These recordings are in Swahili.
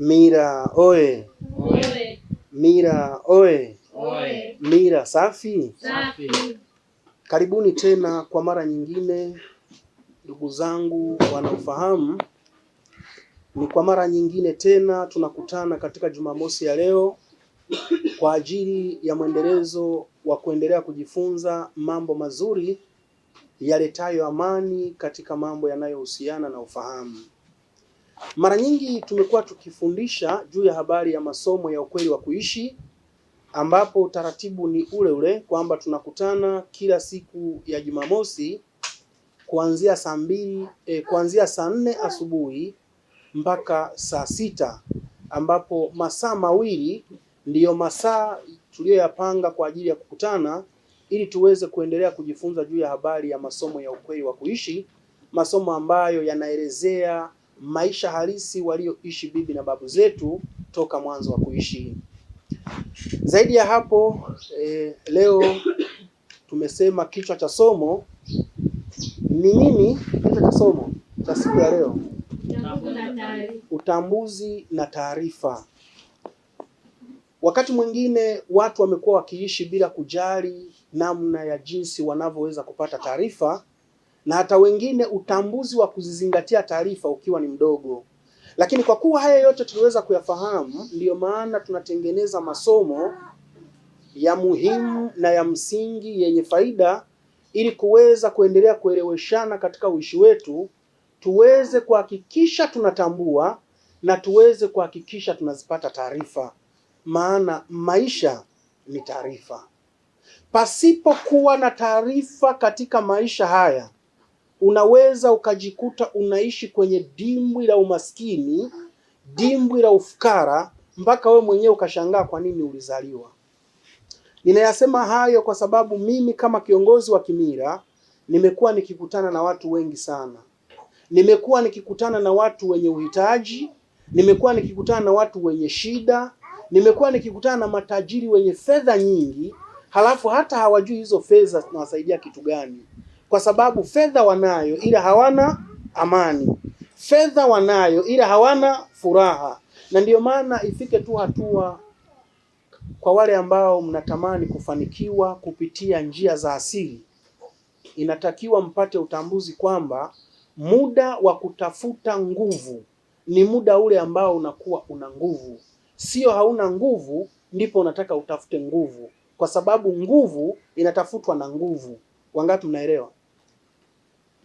Mira oe, Mira oe Mira safi, safi. Karibuni tena kwa mara nyingine ndugu zangu wanaofahamu, ni kwa mara nyingine tena tunakutana katika Jumamosi ya leo kwa ajili ya mwendelezo wa kuendelea kujifunza mambo mazuri yaletayo amani katika mambo yanayohusiana na ufahamu. Mara nyingi tumekuwa tukifundisha juu ya habari ya masomo ya ukweli wa kuishi, ambapo utaratibu ni ule ule kwamba tunakutana kila siku ya Jumamosi kuanzia saa mbili eh, kuanzia saa nne asubuhi mpaka saa sita ambapo masaa mawili ndiyo masaa tuliyoyapanga kwa ajili ya kukutana ili tuweze kuendelea kujifunza juu ya habari ya masomo ya ukweli wa kuishi, masomo ambayo yanaelezea maisha halisi walioishi bibi na babu zetu toka mwanzo wa kuishi. Zaidi ya hapo eh, leo tumesema kichwa cha somo ni nini? Kichwa cha somo cha siku ya leo utambuzi na taarifa. Wakati mwingine watu wamekuwa wakiishi bila kujali namna ya jinsi wanavyoweza kupata taarifa na hata wengine utambuzi wa kuzizingatia taarifa ukiwa ni mdogo. Lakini kwa kuwa haya yote tuliweza kuyafahamu, ndiyo maana tunatengeneza masomo ya muhimu na ya msingi yenye faida ili kuweza kuendelea kueleweshana katika uishi wetu, tuweze kuhakikisha tunatambua na tuweze kuhakikisha tunazipata taarifa, maana maisha ni taarifa. Pasipokuwa na taarifa katika maisha haya unaweza ukajikuta unaishi kwenye dimbwi la umaskini, dimbwi la ufukara, mpaka wewe mwenyewe ukashangaa kwa nini ulizaliwa. Ninayasema hayo kwa sababu mimi kama kiongozi wa kimila nimekuwa nikikutana na watu wengi sana. Nimekuwa nikikutana na watu wenye uhitaji, nimekuwa nikikutana na watu wenye shida, nimekuwa nikikutana na matajiri wenye fedha nyingi, halafu hata hawajui hizo fedha zinawasaidia kitu gani kwa sababu fedha wanayo ila hawana amani, fedha wanayo ila hawana furaha. Na ndiyo maana ifike tu hatua kwa wale ambao mnatamani kufanikiwa kupitia njia za asili, inatakiwa mpate utambuzi kwamba muda wa kutafuta nguvu ni muda ule ambao unakuwa una nguvu, sio hauna nguvu ndipo unataka utafute nguvu, kwa sababu nguvu inatafutwa na nguvu. Wangapi mnaelewa?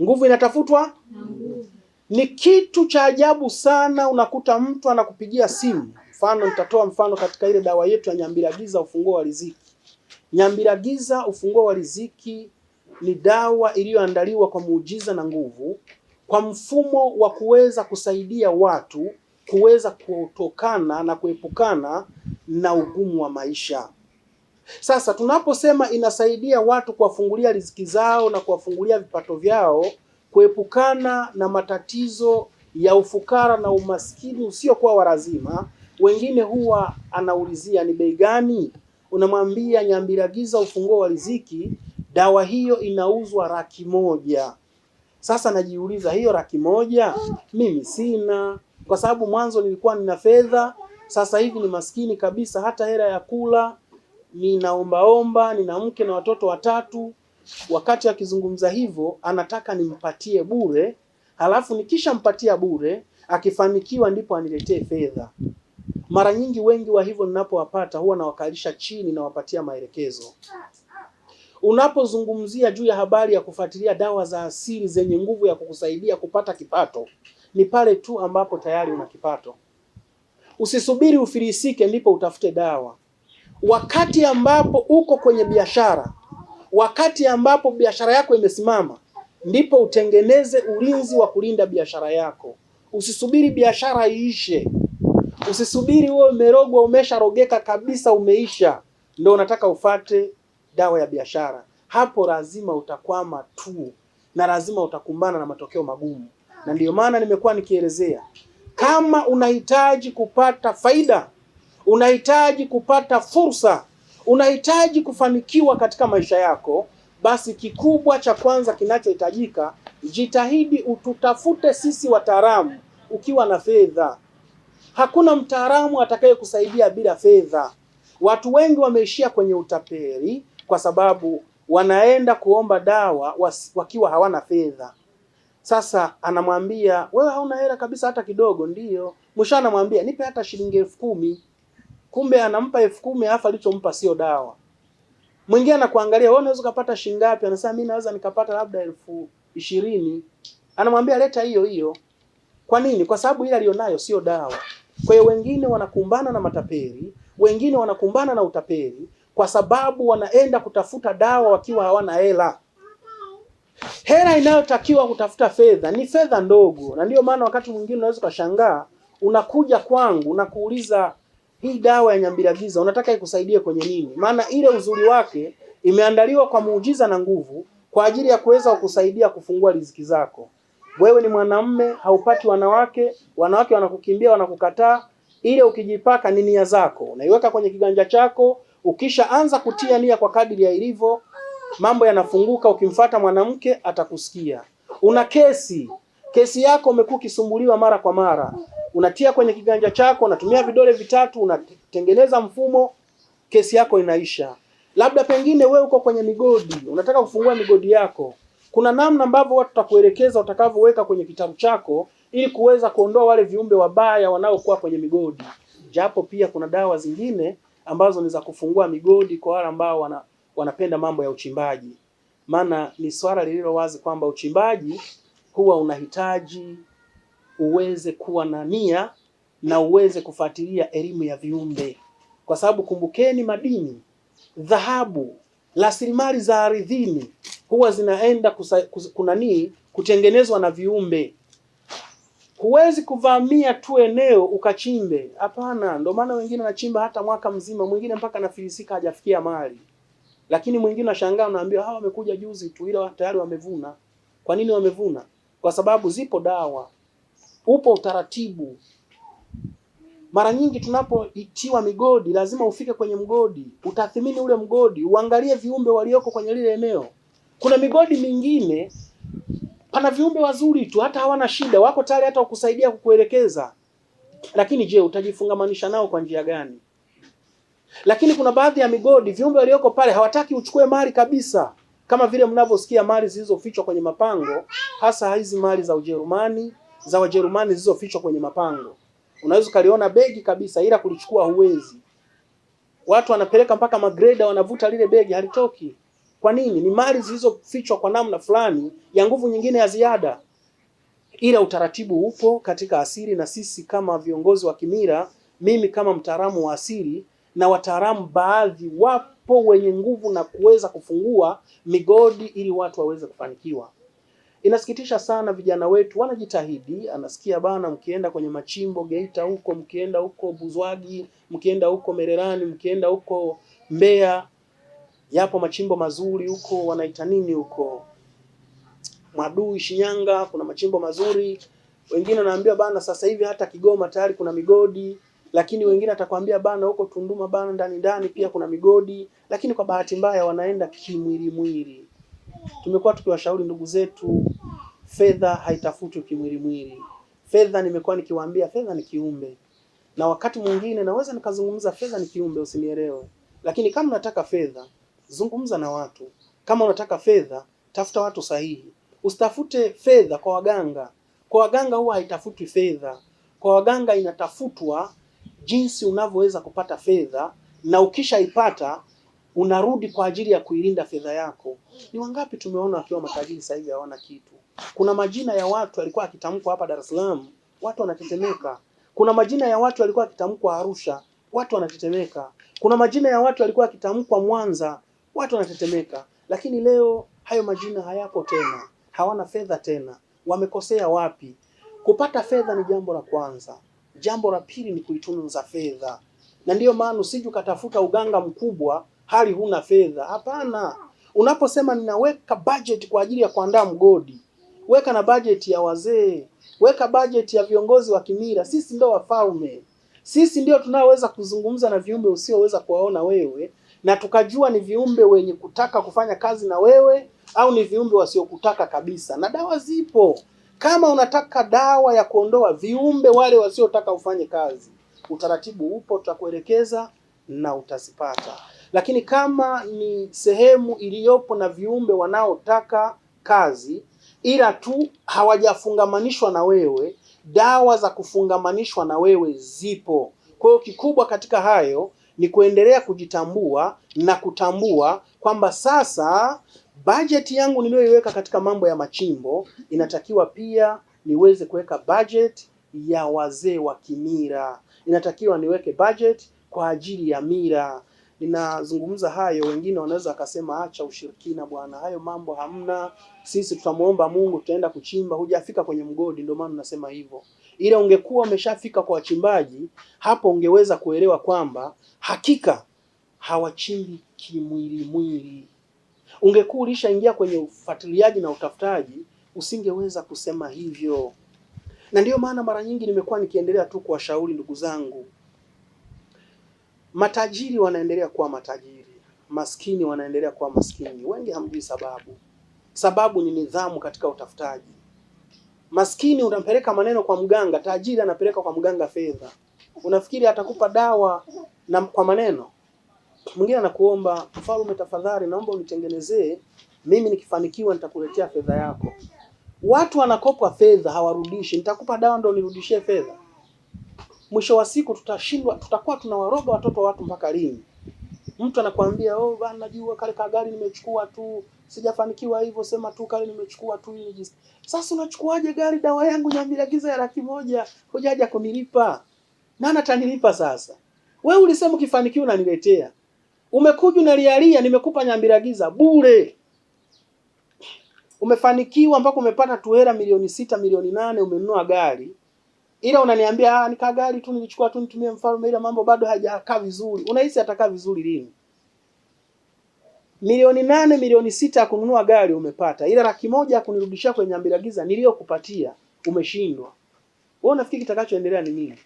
Nguvu inatafutwa na nguvu. Ni kitu cha ajabu sana, unakuta mtu anakupigia simu. Mfano, nitatoa mfano katika ile dawa yetu ya nyambira giza ufunguo wa riziki. Nyambira giza ufunguo wa riziki ni dawa iliyoandaliwa kwa muujiza na nguvu, kwa mfumo wa kuweza kusaidia watu kuweza kutokana na kuepukana na ugumu wa maisha. Sasa tunaposema inasaidia watu kuwafungulia riziki zao na kuwafungulia vipato vyao, kuepukana na matatizo ya ufukara na umaskini usiokuwa wa lazima. Wengine huwa anaulizia ni bei gani, unamwambia Nyambiragiza ufunguo wa riziki, dawa hiyo inauzwa laki moja. Sasa najiuliza hiyo laki moja mimi sina, kwa sababu mwanzo nilikuwa nina fedha, sasa hivi ni maskini kabisa, hata hela ya kula ninaombaomba, nina mke na watoto watatu. Wakati akizungumza hivyo, anataka nimpatie bure, halafu nikishampatia bure akifanikiwa, ndipo aniletee fedha. Mara nyingi wengi wa hivyo ninapowapata, huwa nawakalisha chini, nawapatia maelekezo. Unapozungumzia juu ya habari ya kufuatilia dawa za asili zenye nguvu ya kukusaidia kupata kipato, ni pale tu ambapo tayari una kipato. Usisubiri ufilisike ndipo utafute dawa. Wakati ambapo uko kwenye biashara, wakati ambapo biashara yako imesimama, ndipo utengeneze ulinzi wa kulinda biashara yako. Usisubiri biashara iishe, usisubiri wewe umerogwa, umesharogeka kabisa, umeisha, ndio unataka ufate dawa ya biashara. Hapo lazima utakwama tu na lazima utakumbana na matokeo magumu, na ndiyo maana nimekuwa nikielezea, kama unahitaji kupata faida unahitaji kupata fursa, unahitaji kufanikiwa katika maisha yako, basi kikubwa cha kwanza kinachohitajika, jitahidi ututafute sisi wataalamu ukiwa na fedha. Hakuna mtaalamu atakayekusaidia bila fedha. Watu wengi wameishia kwenye utapeli kwa sababu wanaenda kuomba dawa wakiwa hawana fedha. Sasa anamwambia wewe hauna hela kabisa hata kidogo, ndiyo mwisho anamwambia nipe hata shilingi elfu kumi kumbe anampa elfu kumi alafu alichompa sio dawa. Mwingine anakuangalia wewe, unaweza kupata shilingi ngapi? Anasema mimi naweza nikapata labda elfu ishirini. Anamwambia leta hiyo hiyo. Kwa nini? Kwa sababu ile alionayo sio dawa. Kwa hiyo wengine wanakumbana na matapeli, wengine wanakumbana na utapeli kwa sababu wanaenda kutafuta dawa wakiwa hawana hela. Hela inayotakiwa kutafuta fedha ni fedha ndogo, na ndio maana wakati mwingine unaweza ukashangaa unakuja kwangu na kuuliza hii dawa ya Giza unataka ikusaidie kwenye nini? Maana ile uzuri wake imeandaliwa kwa muujiza na nguvu kwa ajili ya kuweza kukusaidia kufungua riziki zako. Wewe ni mwanamme, haupati wanawake, wanawake wanakukimbia, wanakukataa. Ile ukijipaka ni nia zako, unaiweka kwenye kiganja chako, ukishaanza kutia nia kwa kadiri ya ilivyo, mambo yanafunguka. Ukimfata mwanamke atakusikia. Una kesi, kesi yako umekuwa ukisumbuliwa mara kwa mara, unatia kwenye kiganja chako, unatumia vidole vitatu, unatengeneza mfumo, kesi yako inaisha. Labda pengine we uko kwenye migodi, unataka kufungua migodi yako, kuna namna ambavyo watu watakuelekeza utakavyoweka kwenye kitabu chako ili kuweza kuondoa wale viumbe wabaya wanaokuwa kwenye migodi. Japo pia kuna dawa zingine ambazo ni za kufungua migodi kwa wale ambao wana, wanapenda mambo ya uchimbaji, maana ni swala lililo wazi kwamba uchimbaji huwa unahitaji uweze kuwa na nia na uweze kufuatilia elimu ya viumbe, kwa sababu kumbukeni, madini, dhahabu, rasilimali za ardhini huwa zinaenda kunanii kutengenezwa na viumbe. Huwezi kuvamia tu eneo ukachimbe, hapana. Ndio maana wengine wanachimba hata mwaka mzima, mwingine mpaka anafilisika hajafikia mali, lakini mwingine anashangaa, unaambiwa hawa wamekuja juzi tu, ila tayari wamevuna. Kwa nini wamevuna? Kwa sababu zipo dawa upo utaratibu. Mara nyingi tunapoitiwa migodi, lazima ufike kwenye mgodi, utathimini ule mgodi, uangalie viumbe walioko kwenye lile eneo. Kuna migodi mingine pana viumbe wazuri tu, hata hawana shida, wako tayari hata kukusaidia, kukuelekeza. Lakini je, utajifungamanisha nao kwa njia gani? Lakini kuna baadhi ya migodi viumbe walioko pale hawataki uchukue mali kabisa, kama vile mnavyosikia mali zilizofichwa kwenye mapango, hasa hizi mali za Ujerumani za Wajerumani zilizofichwa kwenye mapango. Unaweza ukaliona begi kabisa, ila kulichukua huwezi. Watu wanapeleka mpaka magreda, wanavuta lile begi halitoki. Kwa nini? Ni mali zilizofichwa kwa namna fulani ya nguvu nyingine ya ziada, ila utaratibu upo katika asili, na sisi kama viongozi wa kimira mimi kama mtaalamu wa asili na wataalamu baadhi wapo wenye nguvu na kuweza kufungua migodi ili watu waweze kufanikiwa. Inasikitisha sana, vijana wetu wanajitahidi, anasikia bana, mkienda kwenye machimbo Geita huko, mkienda huko Buzwagi, mkienda huko Mererani, mkienda huko Mbeya, yapo machimbo mazuri huko, wanaita nini huko Mwadui, Shinyanga, kuna machimbo mazuri. Wengine wanaambia bana, sasa hivi hata Kigoma tayari kuna migodi, lakini wengine atakwambia bana, huko Tunduma bana, ndani ndani pia kuna migodi, lakini kwa bahati mbaya wanaenda mwili. Tumekuwa tukiwashauri ndugu zetu Fedha haitafutwi kimwilimwili. Fedha nimekuwa nikiwaambia, fedha ni kiumbe, na wakati mwingine naweza nikazungumza fedha ni kiumbe, usinielewe. Lakini kama unataka fedha, zungumza na watu. Kama unataka fedha, tafuta watu sahihi, usitafute fedha kwa waganga. Kwa waganga huwa haitafutwi fedha, kwa waganga inatafutwa jinsi unavyoweza kupata fedha, na ukishaipata unarudi kwa ajili ya kuilinda fedha yako. Ni wangapi tumeona wakiwa matajiri sasa hivi hawana kitu? Kuna majina ya watu alikuwa akitamkwa hapa Dar es Salaam, watu wanatetemeka. Kuna majina ya watu alikuwa akitamkwa Arusha, watu wanatetemeka. Kuna majina ya watu alikuwa akitamkwa Mwanza, watu wanatetemeka. Lakini leo hayo majina hayapo tena, hawana fedha tena. Wamekosea wapi? Kupata fedha ni jambo la kwanza. Jambo la pili ni kuitunza fedha, na ndiyo maana usiju ukatafuta uganga mkubwa hali huna fedha. Hapana, unaposema ninaweka budget kwa ajili ya kuandaa mgodi Weka na bajeti ya wazee, weka bajeti ya viongozi wa kimila. Sisi ndio wafalme, sisi ndio tunaoweza kuzungumza na viumbe usioweza kuwaona wewe, na tukajua ni viumbe wenye kutaka kufanya kazi na wewe au ni viumbe wasiokutaka kabisa. Na dawa zipo, kama unataka dawa ya kuondoa viumbe wale wasiotaka ufanye kazi, utaratibu upo, tutakuelekeza na utazipata. Lakini kama ni sehemu iliyopo na viumbe wanaotaka kazi ila tu hawajafungamanishwa na wewe. Dawa za kufungamanishwa na wewe zipo. Kwa hiyo kikubwa katika hayo ni kuendelea kujitambua na kutambua kwamba sasa bajeti yangu niliyoiweka katika mambo ya machimbo inatakiwa pia niweze kuweka bajeti ya wazee wa kimira inatakiwa niweke bajeti kwa ajili ya mira ninazungumza hayo, wengine wanaweza wakasema acha ushirikina bwana, hayo mambo hamna, sisi tutamwomba Mungu, tutaenda kuchimba. Hujafika kwenye mgodi, ndio maana unasema hivyo. Ila ungekuwa umeshafika kwa wachimbaji, hapo ungeweza kuelewa kwamba hakika hawachimbi kimwili mwili. Ungekuwa ulishaingia kwenye ufuatiliaji na utafutaji, usingeweza kusema hivyo, na ndiyo maana mara nyingi nimekuwa nikiendelea tu kuwashauri ndugu zangu Matajiri wanaendelea kuwa matajiri, maskini wanaendelea kuwa maskini. Wengi hamjui sababu. Sababu ni nidhamu katika utafutaji. Maskini unampeleka maneno kwa mganga, tajiri anapeleka kwa mganga fedha. Unafikiri atakupa dawa na kwa maneno? Mwingine anakuomba mfalme, tafadhali naomba unitengenezee mimi, nikifanikiwa nitakuletea fedha yako. Watu wanakopwa fedha hawarudishi, nitakupa dawa ndo nirudishie fedha mwisho wa siku tutashindwa, tutakuwa tunawaroga watoto wa watu mpaka lini? Mtu anakuambia oh, bana, najua kale kagari nimechukua tu, sijafanikiwa hivyo, sema tu kale nimechukua tu ili Sasa unachukuaje gari dawa yangu nyambilagiza ya laki moja hujaja kunilipa? Nani atanilipa sasa? Wewe ulisema ukifanikiwa unaniletea. Umekuja unalialia, nimekupa nyambira giza bure. Umefanikiwa mpaka umepata tu hela milioni sita milioni nane umenunua gari ila unaniambia ah, ni gari tu nilichukua tu nitumie mfalme, ila mambo bado hajakaa vizuri. Unahisi atakaa vizuri lini? Milioni nane milioni sita ya kununua gari umepata, ila laki moja kunirudishia kwenye ambira giza niliyokupatia umeshindwa. Wewe unafikiri kitakachoendelea ni nini?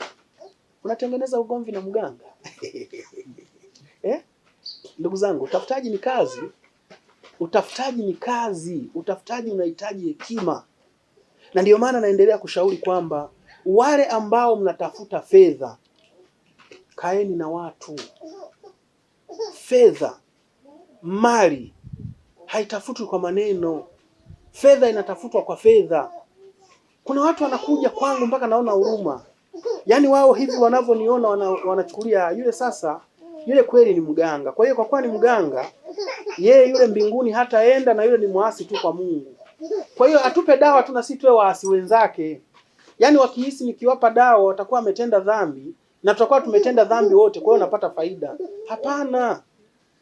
Unatengeneza ugomvi na mganga eh? Ndugu zangu, utafutaji ni kazi, utafutaji ni kazi, utafutaji unahitaji hekima, na ndio maana naendelea kushauri kwamba wale ambao mnatafuta fedha, kaeni na watu. Fedha, mali haitafutwi kwa maneno, fedha inatafutwa kwa fedha. Kuna watu wanakuja kwangu mpaka naona huruma, yaani wao hivi wanavyoniona wana, wanachukulia yule sasa yule kweli ni mganga. Kwa hiyo kwa kuwa ni mganga, yeye yule mbinguni hataenda, na yule ni mwasi tu kwa Mungu. Kwa hiyo atupe dawa tu na sisi tuwe waasi wenzake. Yaani wakihisi nikiwapa dawa watakuwa wametenda dhambi na tutakuwa tumetenda dhambi wote, kwa hiyo unapata faida. Hapana,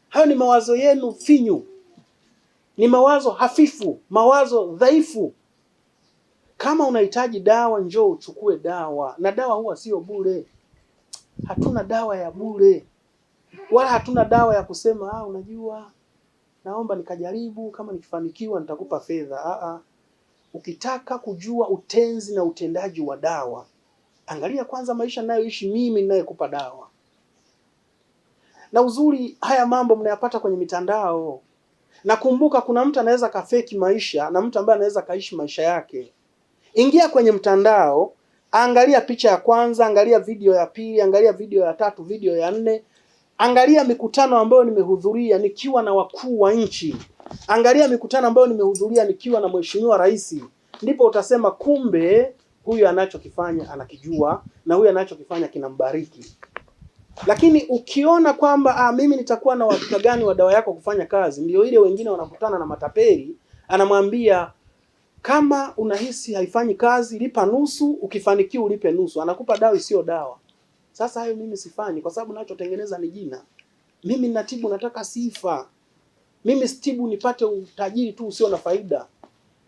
hayo ni mawazo yenu finyu, ni mawazo hafifu, mawazo dhaifu. Kama unahitaji dawa, njoo uchukue dawa, na dawa huwa sio bure. Hatuna dawa ya bure, wala hatuna dawa ya kusema ah, unajua naomba nikajaribu, kama nikifanikiwa nitakupa fedha. Ah, ah. Ukitaka kujua utenzi na utendaji wa dawa, angalia kwanza maisha ninayoishi mimi ninayekupa dawa. Na uzuri haya mambo mnayapata kwenye mitandao. Nakumbuka kuna mtu anaweza kafeki maisha na mtu ambaye anaweza kaishi maisha yake. Ingia kwenye mtandao, angalia picha ya kwanza, angalia video ya pili, angalia video ya tatu, video ya nne, angalia mikutano ambayo nimehudhuria nikiwa na wakuu wa nchi. Angalia mikutano ambayo nimehudhuria nikiwa na mheshimiwa rais, ndipo utasema kumbe huyu anachokifanya anakijua na huyu anachokifanya kinambariki. Lakini ukiona kwamba ah, mimi nitakuwa na uhakika gani wa dawa yako kufanya kazi, ndio ile wengine wanakutana na matapeli, anamwambia kama unahisi haifanyi kazi, lipa nusu, ukifanikiwa ulipe nusu. Anakupa dawa isiyo dawa. Sasa hayo mimi sifanyi, kwa sababu nachotengeneza ni jina. Mimi natibu, nataka sifa. Mimi Stibu nipate utajiri tu usio na faida.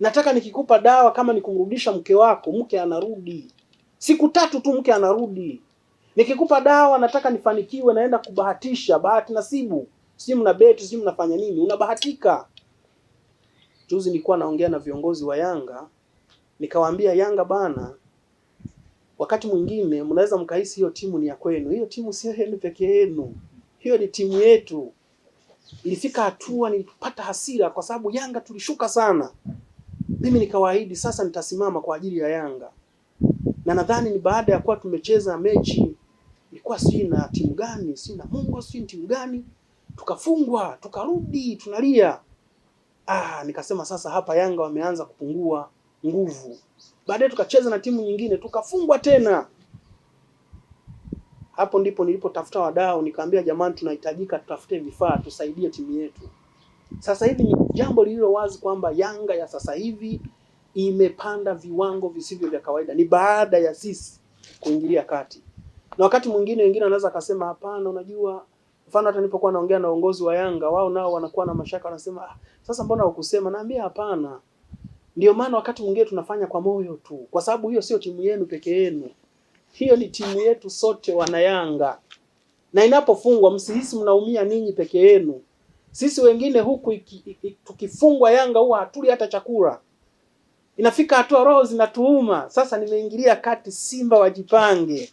Nataka nikikupa dawa kama nikumrudisha mke wako, mke anarudi siku tatu tu, mke anarudi. Nikikupa dawa nataka nifanikiwe, naenda kubahatisha, bahati nasibu, si mna beti, si mnafanya nini, unabahatika. Juzi nilikuwa naongea na viongozi wa Yanga nikawaambia, Yanga bana, wakati mwingine mnaweza mkahisi hiyo timu ni ya kwenu. Hiyo timu sio yenu peke yenu, hiyo ni timu yetu. Ilifika hatua nilipata hasira kwa sababu Yanga tulishuka sana. Mimi nikawaahidi sasa nitasimama kwa ajili ya Yanga, na nadhani ni baada ya kuwa tumecheza mechi ilikuwa si na timu gani, si na Mungo, si timu gani, tukafungwa tukarudi tunalia. Ah, nikasema sasa hapa Yanga wameanza kupungua nguvu. Baadaye tukacheza na timu nyingine tukafungwa tena. Hapo ndipo nilipotafuta wadau, nikaambia jamani, tunahitajika tutafute vifaa, tusaidie timu yetu. Sasa hivi ni jambo lililo wazi kwamba Yanga ya sasa hivi imepanda viwango visivyo vya kawaida, ni baada ya sisi kuingilia kati. Na wakati mwingine wengine wanaweza akasema hapana, unajua mfano hata nilipokuwa naongea na uongozi wa Yanga, wao nao wanakuwa na mashaka, wanasema ah, sasa mbona hukusema? Naambia hapana, ndio maana wakati mwingine tunafanya kwa moyo tu, kwa sababu hiyo sio timu yenu peke yenu. Hiyo ni timu yetu sote Wanayanga, na inapofungwa msihisi mnaumia ninyi peke yenu. Sisi wengine huku tukifungwa Yanga huwa hatuli hata chakula, inafika hatua roho zinatuuma. Sasa nimeingilia kati, Simba wajipange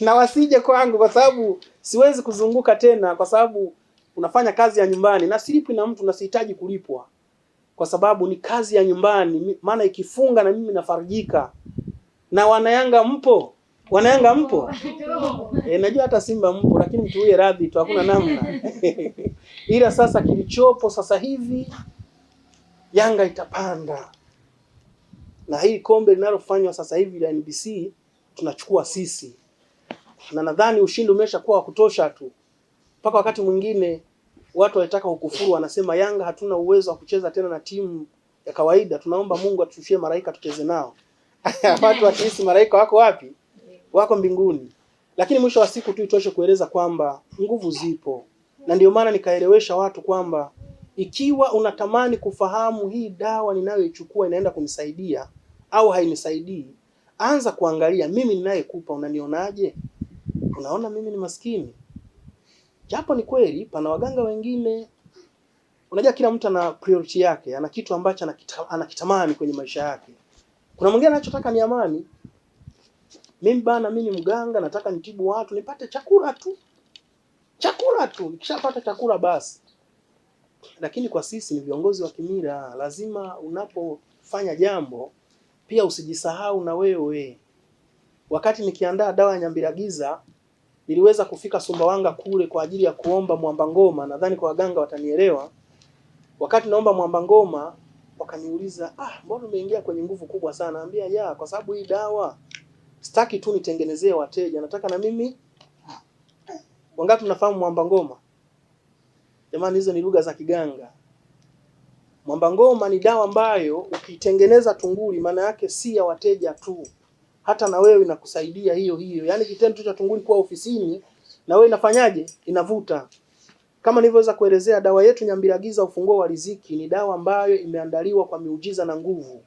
na wasije kwangu, kwa sababu siwezi kuzunguka tena, kwa sababu unafanya kazi ya nyumbani na silipwi na mtu na sihitaji kulipwa, kwa sababu ni kazi ya nyumbani. Maana ikifunga na mimi nafarijika. Na Wanayanga mpo Wanayanga mpo? E, najua hata Simba mpo, lakini mtuwie radhi tu, hakuna namna ila sasa kilichopo sasa hivi Yanga itapanda na hii kombe linalofanywa sasa hivi la NBC tunachukua sisi, na nadhani ushindi umeshakuwa wa kutosha tu. Mpaka wakati mwingine watu walitaka kukufuru, wanasema Yanga hatuna uwezo wa kucheza tena na timu ya kawaida, tunaomba Mungu atushushie malaika tucheze nao watu wakihisi malaika wako wapi? wako mbinguni, lakini mwisho wa siku tu itoshe kueleza kwamba nguvu zipo, na ndio maana nikaelewesha watu kwamba ikiwa unatamani kufahamu hii dawa ninayoichukua inaenda kunisaidia au hainisaidii, anza kuangalia mimi ninayekupa unanionaje? Unaona mimi ni maskini? Japo ni kweli pana waganga wengine. Unajua, kila mtu ana priority yake, ana kitu ambacho anakita, anakitamani kwenye maisha yake. Kuna mwingine anachotaka ni amani, mimi bana, mimi ni mganga, nataka nitibu watu nipate chakula tu, chakula tu. Nikishapata chakula basi. Lakini kwa sisi ni viongozi wa kimila, lazima unapofanya jambo pia usijisahau na wewe. Wakati nikiandaa dawa ya nyambiragiza niliweza kufika Sumbawanga kule kwa ajili ya kuomba mwamba ngoma, nadhani kwa waganga watanielewa. Wakati naomba mwamba ngoma wakaniuliza, ah, mbona umeingia kwenye nguvu kubwa sana? Naambia ya, kwa sababu hii dawa Sitaki tu nitengenezee wateja, nataka na mimi. Wangapi mnafahamu mwamba ngoma? Jamani, hizo ni lugha za Kiganga. Mwamba ngoma ni dawa ambayo ukitengeneza tunguli, maana yake si ya wateja tu, hata na wewe inakusaidia hiyo hiyo. Yaani kitendo cha tunguli kuwa ofisini na wewe inafanyaje? Inavuta. Kama nilivyoweza kuelezea, dawa yetu Nyambiragiza, ufunguo wa riziki, ni dawa ambayo imeandaliwa kwa miujiza na nguvu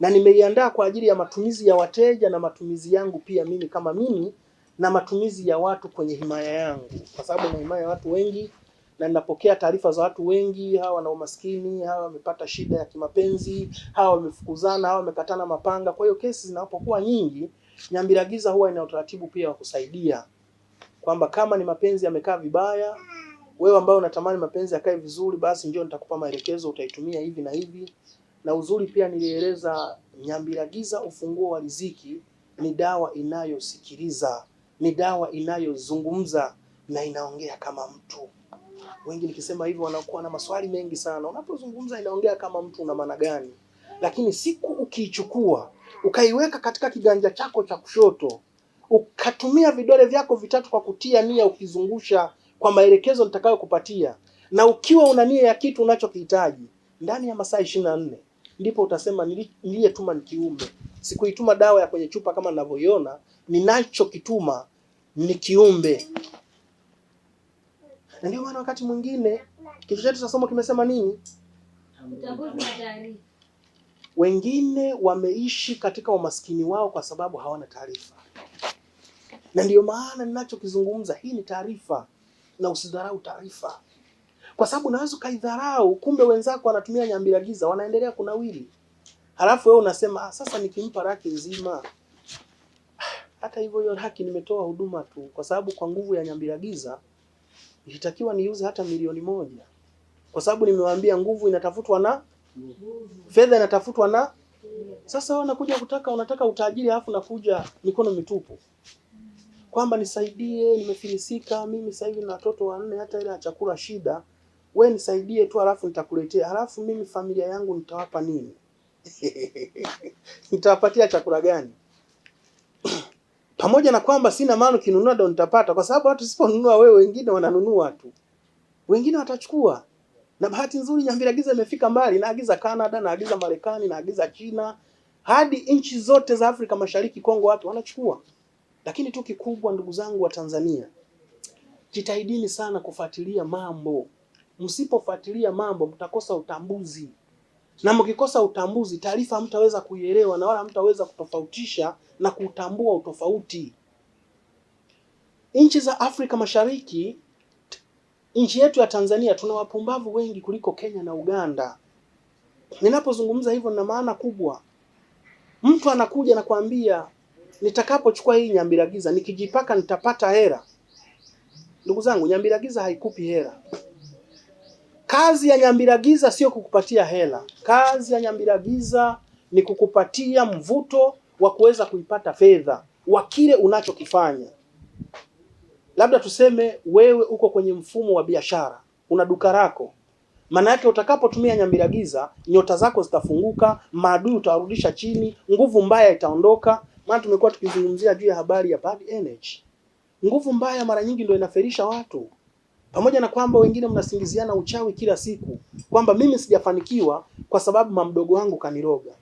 na nimeiandaa kwa ajili ya matumizi ya wateja na matumizi yangu pia mimi kama mimi na matumizi ya watu kwenye himaya yangu, kwa sababu na himaya ya watu wengi na ninapokea taarifa za watu wengi, hawa wana umaskini, hawa wamepata shida ya kimapenzi, hawa wamefukuzana, hawa wamekatana mapanga. Kwa hiyo kesi zinapokuwa nyingi, Nyambiragiza huwa ina utaratibu pia wa kusaidia kwamba kama ni mapenzi yamekaa vibaya, wewe ambaye unatamani mapenzi yakae vizuri, basi njoo nitakupa maelekezo, utaitumia hivi na hivi na uzuri pia nilieleza Nyambiragiza, ufunguo wa riziki, ni dawa inayosikiliza, ni dawa inayozungumza na inaongea kama mtu. Wengi nikisema hivyo wanakuwa na maswali mengi sana. Unapozungumza inaongea kama mtu, una maana gani? Lakini siku ukiichukua ukaiweka katika kiganja chako cha kushoto, ukatumia vidole vyako vitatu kwa kutia nia, ukizungusha kwa maelekezo nitakayokupatia, na ukiwa una nia ya kitu unachokihitaji ndani ya masaa ishirini na nne ndipo utasema niliyetuma ni kiumbe, sikuituma dawa ya kwenye chupa kama ninavyoiona. Ninachokituma ni kiumbe. Na ndio maana wakati mwingine kichwa chetu cha somo kimesema nini? Wengine wameishi katika umaskini wao kwa sababu hawana taarifa, na ndio maana ninachokizungumza, hii ni taarifa, na usidharau taarifa kwa sababu unaweza ukaidharau, kumbe wenzako wanatumia nyambira giza, wanaendelea kunawili, halafu wewe unasema ah, sasa nikimpa laki nzima hata hivyo hiyo haki nimetoa huduma tu, kwa sababu kwa nguvu ya nyambira giza ilitakiwa niuze hata milioni moja, kwa sababu nimewaambia nguvu inatafutwa na fedha inatafutwa na. Sasa wewe unakuja kutaka unataka utajiri, alafu nakuja mikono mitupu kwamba nisaidie, nimefilisika mimi sasa hivi na watoto wanne, hata ile chakula shida we nisaidie tu, halafu nitakuletea. Halafu mimi familia yangu nitawapa nini? nitawapatia chakula gani? pamoja na kwamba sina maana, kinunua ndo nitapata, kwa sababu hata usiponunua wewe, wengine wananunua tu, wengine watachukua. Na bahati nzuri jamvi la giza imefika mbali, naagiza Canada, naagiza Marekani, naagiza China, hadi nchi zote za Afrika Mashariki, Kongo, watu wanachukua. Lakini tu kikubwa, ndugu zangu wa Tanzania, jitahidini sana kufuatilia mambo msipofuatilia mambo mtakosa utambuzi, na mkikosa utambuzi, taarifa hamtaweza kuielewa na wala hamtaweza kutofautisha na kutambua utofauti. Nchi za Afrika Mashariki, nchi yetu ya Tanzania, tuna wapumbavu wengi kuliko Kenya na Uganda. Ninapozungumza hivyo, nina maana kubwa. Mtu anakuja na kuambia nitakapochukua hii nyambiragiza nikijipaka nitapata hera. Ndugu zangu, nyambiragiza haikupi hera. Kazi ya Nyambiragiza sio kukupatia hela. Kazi ya Nyambiragiza ni kukupatia mvuto wa kuweza kuipata fedha wa kile unachokifanya. Labda tuseme wewe uko kwenye mfumo wa biashara, una duka lako. Maana yake utakapotumia Nyambiragiza, nyota zako zitafunguka, maadui utawarudisha chini, nguvu mbaya itaondoka. Maana tumekuwa tukizungumzia juu ya habari ya bad energy. Nguvu mbaya mara nyingi ndio inaferisha watu. Pamoja na kwamba wengine mnasingiziana uchawi kila siku kwamba mimi sijafanikiwa kwa sababu mamdogo wangu kaniroga,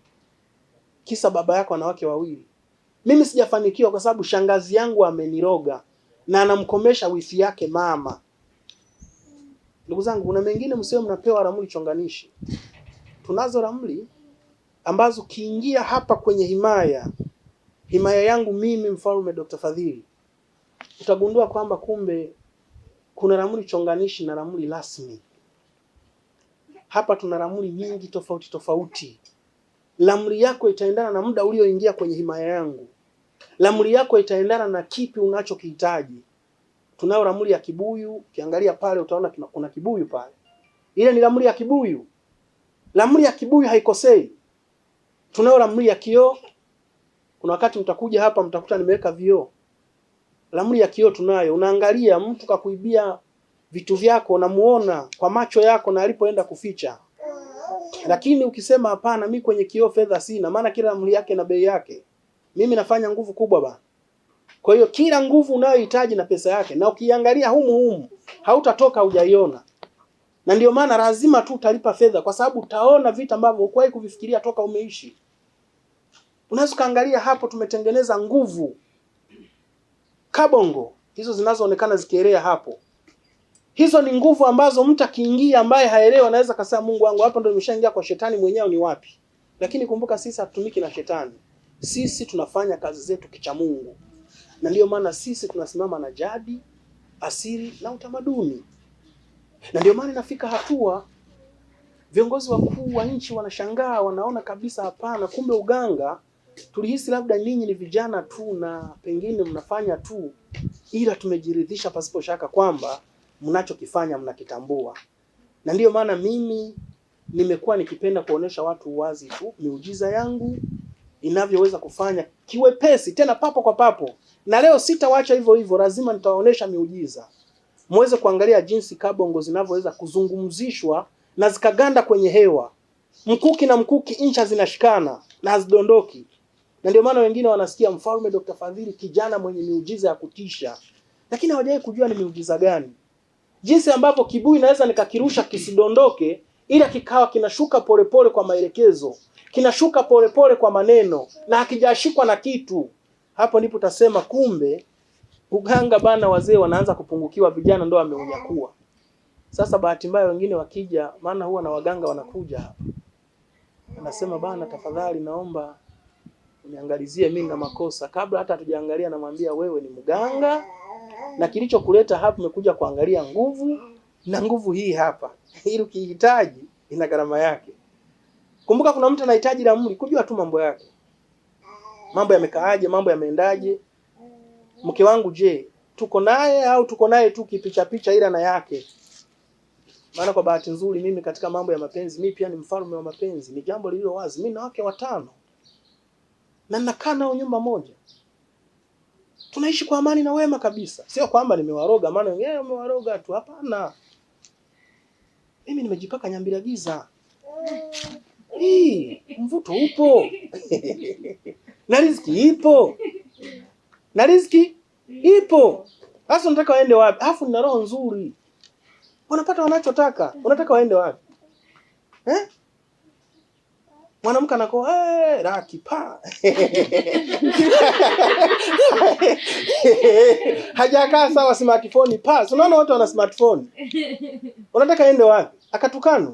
kisa baba yako wanawake wake wawili. Mimi sijafanikiwa kwa sababu shangazi yangu ameniroga na anamkomesha wifi yake mama. Ndugu zangu, kuna mengine msio mnapewa ramli chonganishi. Tunazo ramli ambazo kiingia hapa kwenye himaya himaya yangu mimi Mfalme Dr. Fadhili, utagundua kwamba kumbe kuna ramli chonganishi na ramli rasmi. Hapa tuna ramli nyingi tofauti tofauti. Ramli yako itaendana na muda ulioingia kwenye himaya yangu. Ramli yako itaendana na kipi unachokihitaji. Tunayo ramli ya kibuyu, ukiangalia pale utaona kuna kibuyu pale. Ile ni ramli ya kibuyu. Ramli ya kibuyu haikosei. Tunayo ramli ya kioo. Kuna wakati mtakuja hapa mtakuta nimeweka vioo. Ramli ya kioo tunayo, unaangalia mtu kakuibia vitu vyako, unamuona kwa macho yako na alipoenda kuficha. Lakini ukisema hapana, mi kwenye kioo fedha sina, maana kila ramli yake na bei yake, mimi nafanya nguvu kubwa bana. Kwa hiyo kila nguvu unayohitaji na pesa yake, na ukiangalia humu humu hautatoka hujaiona, na ndio maana lazima tu utalipa fedha, kwa sababu utaona vitu ambavyo hukuwahi kuvifikiria toka umeishi. Unaweza ukaangalia hapo, tumetengeneza nguvu kabongo hizo zinazoonekana zikielea hapo, hizo ni nguvu ambazo mtu akiingia ambaye haelewi anaweza kasema Mungu wangu, hapo ndio nimeshaingia kwa shetani, mwenyewe ni wapi? Lakini kumbuka sisi hatutumiki na shetani, sisi tunafanya kazi zetu kicha Mungu, na ndio maana sisi tunasimama na jadi, asili na utamaduni, na ndio maana inafika hatua viongozi wakuu wa nchi wanashangaa, wanaona kabisa hapana, kumbe uganga tulihisi labda ninyi ni vijana tu na pengine mnafanya tu, ila tumejiridhisha pasipo shaka kwamba mnachokifanya mnakitambua, na ndiyo maana mimi nimekuwa nikipenda kuonesha watu wazi tu miujiza yangu inavyoweza kufanya kiwepesi, tena papo kwa papo. Na leo sitawacha hivyo hivyo, lazima nitawaonesha miujiza muweze kuangalia jinsi kabongo zinavyoweza kuzungumzishwa na zikaganda kwenye hewa, mkuki na mkuki, incha zinashikana na hazidondoki na ndio maana wengine wanasikia mfalme Dr. Fadhili kijana mwenye miujiza ya kutisha, lakini hawajawahi kujua ni miujiza gani, jinsi ambapo kibui naweza nikakirusha kisidondoke, ila kikawa kinashuka polepole pole kwa maelekezo, kinashuka polepole pole kwa maneno na hakijashikwa na kitu. Hapo ndipo utasema kumbe uganga bana, wazee wanaanza kupungukiwa, vijana ndio wameunyakua. Sasa bahati mbaya wengine wakija, maana huwa na waganga wanakuja hapa, anasema bana, tafadhali naomba uniangalizie mimi na makosa. Kabla hata hatujaangalia, namwambia wewe ni mganga na kilichokuleta hapa, umekuja kuangalia nguvu, na nguvu hii hapa, ili ukihitaji ina gharama yake. Kumbuka kuna mtu anahitaji ramli kujua tu mambo yake, mambo yamekaaje, mambo yameendaje, mke wangu je, tuko naye au tuko naye tu kipicha picha, ila na yake maana kwa bahati nzuri mimi katika mambo ya mapenzi, mimi pia ni mfalme wa mapenzi. Ni jambo lililo wazi, mimi na wake watano na nakaa nao nyumba moja, tunaishi kwa amani na wema kabisa. Sio kwamba nimewaroga, maana wengine wamewaroga tu, hapana. Mimi nimejipaka nyambira giza hii, mvuto upo na riziki ipo na riziki ipo, hasa unataka waende wapi? Alafu nina roho nzuri, wanapata wanachotaka, unataka waende wapi eh? mwanamke anakuwa raki pa hajakaa sawa smartphone pa. Unaona watu wana smartphone, unataka ende wapi? Akatukana,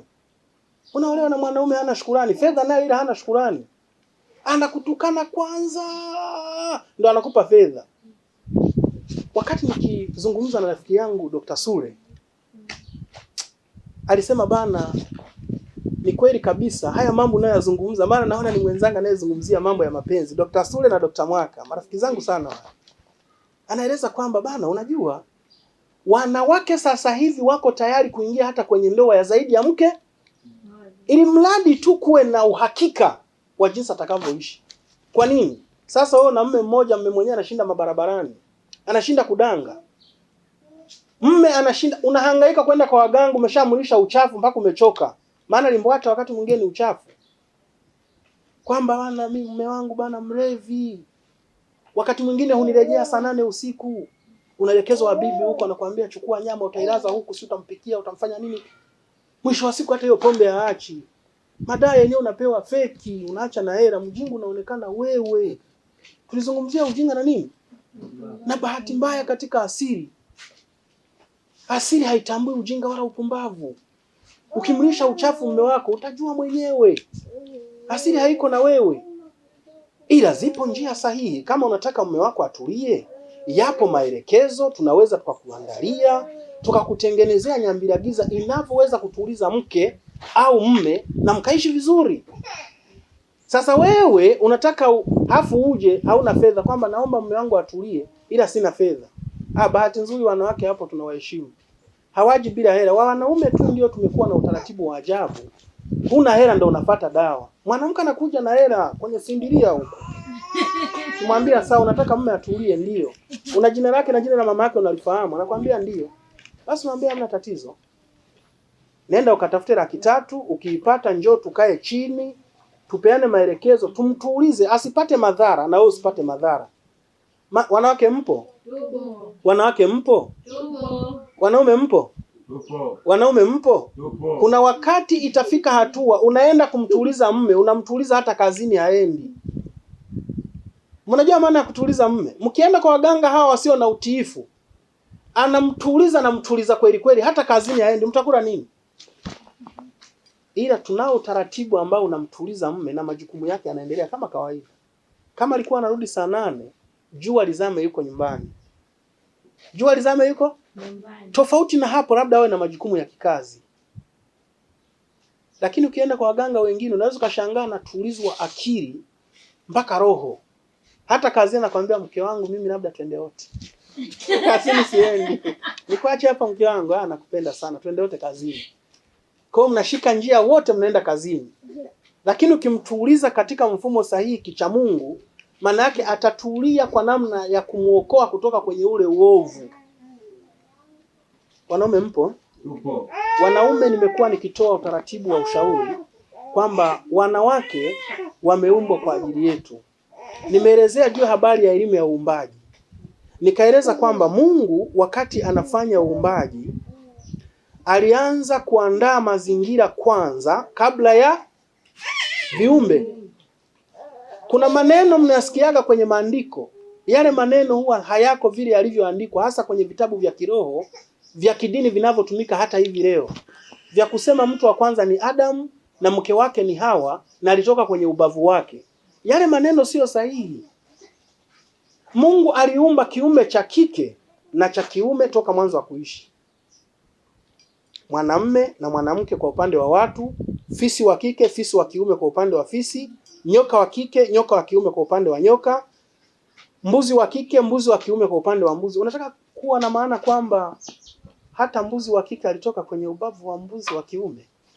unaolewa na mwanaume hana shukurani, fedha nayo ila hana shukurani, anakutukana kwanza ndo anakupa fedha. Wakati nikizungumza na rafiki yangu Dr. Sule alisema bana ni kweli kabisa haya mambo unayoyazungumza, mara naona ni mwenzangu anayezungumzia mambo ya mapenzi, Dr. Sule na Dr. Mwaka, marafiki zangu sana. Anaeleza kwamba bana, unajua wanawake sasa hivi wako tayari kuingia hata kwenye ndoa ya zaidi ya mke, ili mradi tu kuwe na uhakika wa jinsi atakavyoishi. Kwa nini sasa wewe na mme mmoja, mme mwenyewe anashinda mabarabarani, anashinda kudanga mme anashinda, unahangaika kwenda kwa waganga, umeshamulisha uchafu mpaka umechoka, maana limbwata wakati mwingine ni uchafu, kwamba bana, mimi mume wangu bana mlevi. Wakati mwingine hunirejea saa nane usiku, unaelekezwa bibi huko, anakuambia chukua nyama, utailaza huku, si utampikia, utamfanya nini? Mwisho wa siku hata hiyo pombe haachi, madai yenyewe unapewa feki, unaacha na hela, mjingu unaonekana wewe. Tulizungumzia ujinga na nini na bahati mbaya katika asili. Asili haitambui ujinga wala upumbavu. Ukimlisha uchafu mume wako utajua mwenyewe, asili haiko na wewe. Ila zipo njia sahihi. Kama unataka mume wako atulie, yapo maelekezo tunaweza tukakuangalia tukakutengenezea giza inavyoweza kutuliza mke au mme na mkaishi vizuri. Sasa wewe unataka hafu uje hauna fedha, kwamba naomba mume wangu atulie, ila sina fedha. Ah, bahati nzuri wanawake hapo tunawaheshimu hawaji bila hela. Wanaume tu ndio tumekuwa na utaratibu wa ajabu, huna hela ndio unapata dawa. Mwanamke anakuja na hela kwenye simbilia huko, kumwambia sawa, unataka mume atulie, ndio una jina lake na jina la mama yake unalifahamu, anakwambia ndio, basi mwambie hamna tatizo, nenda ukatafute laki tatu, ukiipata njoo tukae chini tupeane maelekezo, tumtuulize asipate madhara na wewe usipate madhara. Ma, wanawake mpo? Wanawake mpo? Tupo. Wanaume mpo? Tupo. Wanaume mpo? Tupo. Kuna wakati itafika hatua unaenda kumtuliza mme, unamtuliza hata kazini haendi. Mnajua maana ya kutuliza mme? Mkienda kwa waganga hawa wasio na utiifu, anamtuliza anamtuliza kweli kweli, hata kazini haendi, mtakula nini? Ila tunao utaratibu ambao unamtuliza mme na majukumu yake yanaendelea kama kawaida. Kama alikuwa anarudi saa nane, jua lizame, yuko nyumbani jua lizame yuko nyumbani. Tofauti na hapo, labda awe na majukumu ya kikazi, lakini ukienda kwa waganga wengine unaweza ukashangaa na tulizwa akili mpaka roho. Hata kazi nakwambia, mke wangu mimi labda twende wote kazini, siendi nikuache hapa mke wangu, ah, nakupenda sana, twende wote kazini. Kwa hiyo mnashika njia wote mnaenda kazini, lakini ukimtuuliza katika mfumo sahihi kicha Mungu maana yake atatulia kwa namna ya kumwokoa kutoka kwenye ule uovu. Wanaume mpo? Yupo. Wanaume, nimekuwa nikitoa utaratibu wa ushauri kwamba wanawake wameumbwa kwa ajili yetu. Nimeelezea juu habari ya elimu ya uumbaji, nikaeleza kwamba Mungu wakati anafanya uumbaji alianza kuandaa mazingira kwanza kabla ya viumbe kuna maneno mnayasikiaga kwenye maandiko, yale maneno huwa hayako vile yalivyoandikwa, hasa kwenye vitabu vya kiroho vya kidini vinavyotumika hata hivi leo, vya kusema mtu wa kwanza ni Adam na mke wake ni Hawa na alitoka kwenye ubavu wake. Yale maneno siyo sahihi. Mungu aliumba kiume cha kike na cha kiume toka mwanzo wa kuishi, mwanamme na mwanamke kwa upande wa watu, fisi wa kike, fisi wa kiume kwa upande wa fisi, nyoka wa kike, nyoka wa kiume kwa upande wa nyoka, mbuzi wa kike, mbuzi wa kiume kwa upande wa mbuzi. Unataka kuwa na maana kwamba hata mbuzi wa kike alitoka kwenye ubavu wa mbuzi wa kiume.